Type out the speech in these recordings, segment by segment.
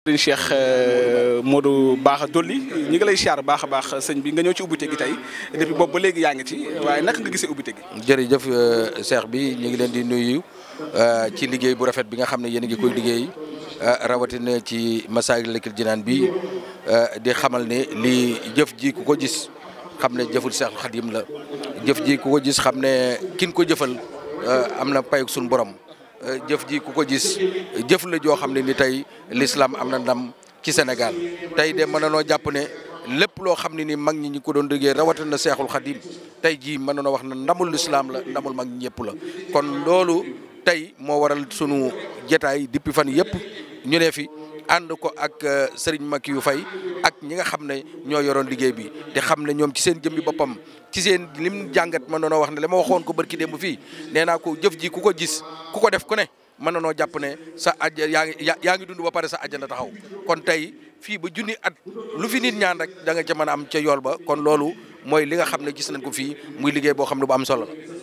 sëriñ Cheikh euh, baax a Dolli ñi ngi lay siyaar baax a baax sëñ bi nga ñëw ci ubbite gi tey depuis boobu ba léegi yaa ngi ci waaye naka nga gisee ubbite gi. jërëjëf euh, Cheikh bi ñu ngi leen di nuyu euh, ci liggéey bu rafet bi nga xam ne yéen a ngi koy liggéey rawatina ci Masaalikul Jinaan bi di xamal ne li jëf ji ku ko gis xam ne jëful Cheikh Xadim la jëf ji ku ko gis xam ne kin ko jëfal am na payug suñu borom. jëf ji ku ko gis jëf la joo xam ne ni tey l'islam am na ndam ci Sénégal tey de mën nanoo jàpp ne lépp loo xam ne ni mag ñi ñu ko doon déggee rawatina na seexul xadim tey jii mën nanoo wax na ndamul l'islam la ndamul mag ñi ñëpp la kon loolu tey moo waral sunu jetaay depuis fan yëpp ñu ne fi ànd ko ak euh, Serigne Makiyu fay ak ñi nga xam ne ñoo yoroon liggéey bi te xam ne ñoom ci seen jëmmi boppam ci seen lim jàngat ma noonoo wax ne la ma waxoon ko barki démb fii nee naa ko jëf ji ku ko gis ku ko def ku ne mën na noo jàpp ne sa aj yaa ngi yaa ngi dund ba pare sa àjjana taxaw kon tey fii ba junni at lu fi nit ñaan rek da nga ca mën a am ca yool ba kon loolu mooy li nga xam ne gis nañ ko fi muy liggéey boo xam ne bu am solo la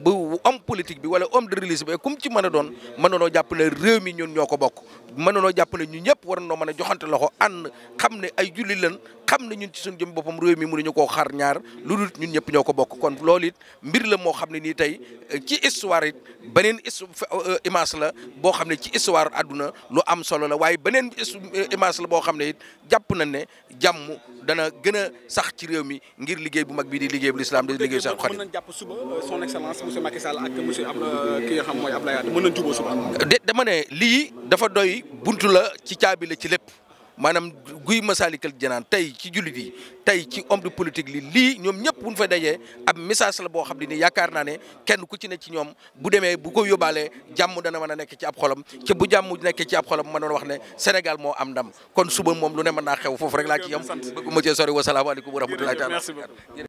bu homme politique bi wala homme de religion bi comme ci mën a doon mën nanoo jàpp ne réew mi ñun ñoo ko bokk mën nanoo jàpp ne ñëpp war noo mën a joxante loxo ànd xam ne ay julli lan xam ne ñun ci suñu jëm boppam réew mi mënuñu koo xar ñaar lu dul ñun ñëpp ñoo ko bokk kon loolu it la moo xam ne nii tey eh, ci histoire it beneen eh, image la boo xam ne ci histoire àdduna lu am solo la waaye beneen eh, image la boo xam ne jàpp nañ ne jàmm dana gën a sax ci réew mi ngir liggéey bu mag bii di liggéey bu lislaam di liggéey bu sax xarit monsieur Macky Sall ak monsieur xam mooy Abdoulaye Wade mën nañ dama ne lii dafa doy buntu la ci caabi la ci lépp maanaam guy Masaalikal janaan tey ci jullit yi tey ci homme de politique li lii ñoom ñëpp bu ñu fa dajee ab message la boo xam ne ni naa ne kenn ku ci ne ci ñoom bu demee bu ko yóbbaalee jàmm dana mën a nekk ci ab xolam ci bu jàmm nekk ci ab xolam ma doon wax ne Sénégal moo am ndam kon suba moom lu ne mën naa xew foofu rek laa ci yam bëgguma cee sori wasalaamaaleykum wa rahmatullahi taala